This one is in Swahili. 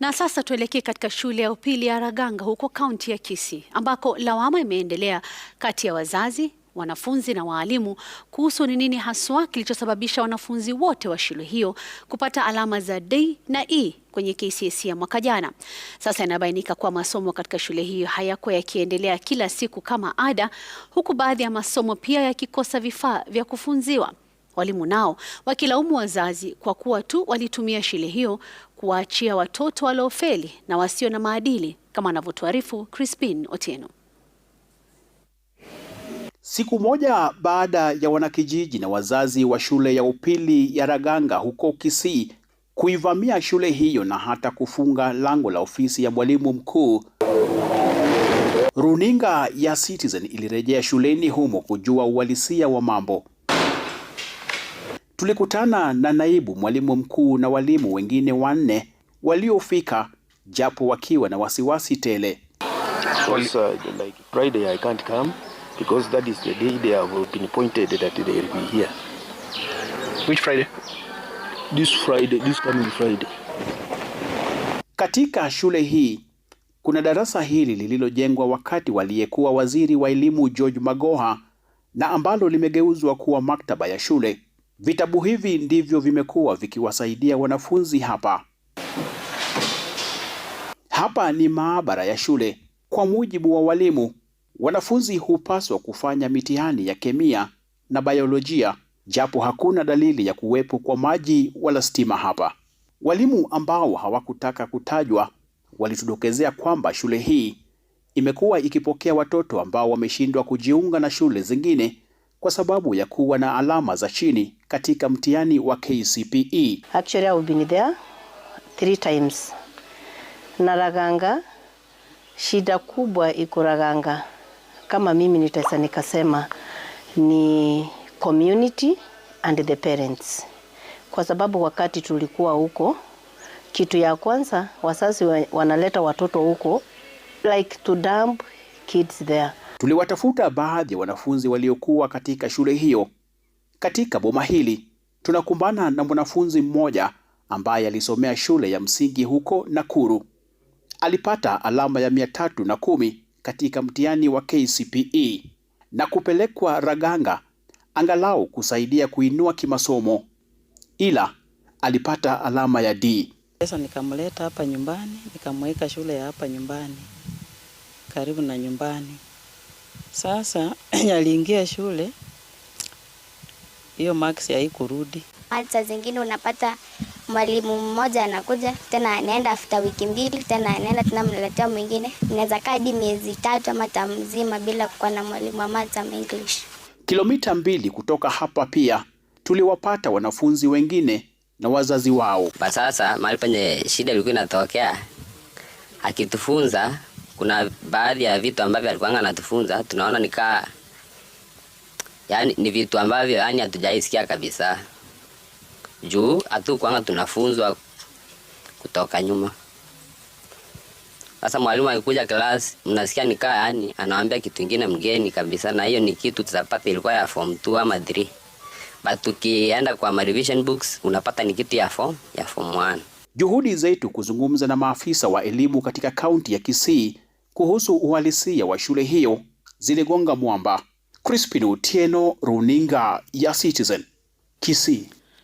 Na sasa tuelekee katika shule ya upili ya Raganga huko kaunti ya Kisii ambako lawama imeendelea kati ya wazazi, wanafunzi na waalimu kuhusu ni nini haswa kilichosababisha wanafunzi wote wa shule hiyo kupata alama za D na E kwenye KCSE ya mwaka jana. Sasa inabainika kuwa masomo katika shule hiyo hayakuwa yakiendelea kila siku kama ada, huku baadhi ya masomo pia yakikosa vifaa vya kufunziwa walimu nao wakilaumu wazazi kwa kuwa tu walitumia shule hiyo kuwaachia watoto waliofeli na wasio na maadili, kama anavyotuarifu Crispin Otieno. Siku moja baada ya wanakijiji na wazazi wa shule ya upili ya Raganga huko Kisii kuivamia shule hiyo na hata kufunga lango la ofisi ya mwalimu mkuu, runinga ya Citizen ilirejea shuleni humo kujua uhalisia wa mambo. Tulikutana na naibu mwalimu mkuu na walimu wengine wanne waliofika, japo wakiwa na wasiwasi tele. Katika shule hii kuna darasa hili lililojengwa wakati waliyekuwa waziri wa elimu George Magoha na ambalo limegeuzwa kuwa maktaba ya shule. Vitabu hivi ndivyo vimekuwa vikiwasaidia wanafunzi hapa. Hapa ni maabara ya shule. Kwa mujibu wa walimu, wanafunzi hupaswa kufanya mitihani ya kemia na biolojia, japo hakuna dalili ya kuwepo kwa maji wala stima hapa. Walimu ambao hawakutaka kutajwa walitudokezea kwamba shule hii imekuwa ikipokea watoto ambao wameshindwa kujiunga na shule zingine kwa sababu ya kuwa na alama za chini katika mtihani wa KCPE. Actually, I've been there three times. Na Raganga, shida kubwa iko Raganga, kama mimi nitaweza nikasema ni community and the parents, kwa sababu wakati tulikuwa huko, kitu ya kwanza wazazi wanaleta watoto huko like to dump kids there. Tuliwatafuta baadhi ya wanafunzi waliokuwa katika shule hiyo katika boma hili tunakumbana na mwanafunzi mmoja ambaye alisomea shule ya msingi huko Nakuru. Alipata alama ya mia tatu na kumi katika mtihani wa KCPE na kupelekwa Raganga angalau kusaidia kuinua kimasomo, ila alipata alama ya D. Sasa nikamleta hapa nyumbani, nikamweka shule ya hapa nyumbani karibu na nyumbani. Sasa aliingia shule hiyo marks haikurudi. Saa zingine unapata mwalimu mmoja anakuja tena anaenda afuta wiki mbili tena anaenda tena mnaletea mwingine, inaweza kaa hadi miezi tatu ama tamzima mzima bila kuwa na mwalimu wa English. Kilomita mbili kutoka hapa pia tuliwapata wanafunzi wengine na wazazi wao. Kwa sasa mahali penye shida ilikuwa inatokea, akitufunza kuna baadhi ya vitu ambavyo alikuwa anatufunza tunaona nikaa yani ni vitu ambavyo yani hatujaisikia kabisa, juu kwanga tunafunzwa kutoka nyuma. Sasa mwalimu akikuja class, mnasikia nikaa yani anawaambia kitu kingine mgeni kabisa, na hiyo ni kitu tutapata ilikuwa ya form 2 ama 3, but tukienda kwa revision books unapata ni kitu ya form ya form 1. Juhudi zetu kuzungumza na maafisa wa elimu katika kaunti ya Kisii kuhusu uhalisia wa shule hiyo ziligonga mwamba. Crispin Otieno, runinga ya Citizen, Kisii.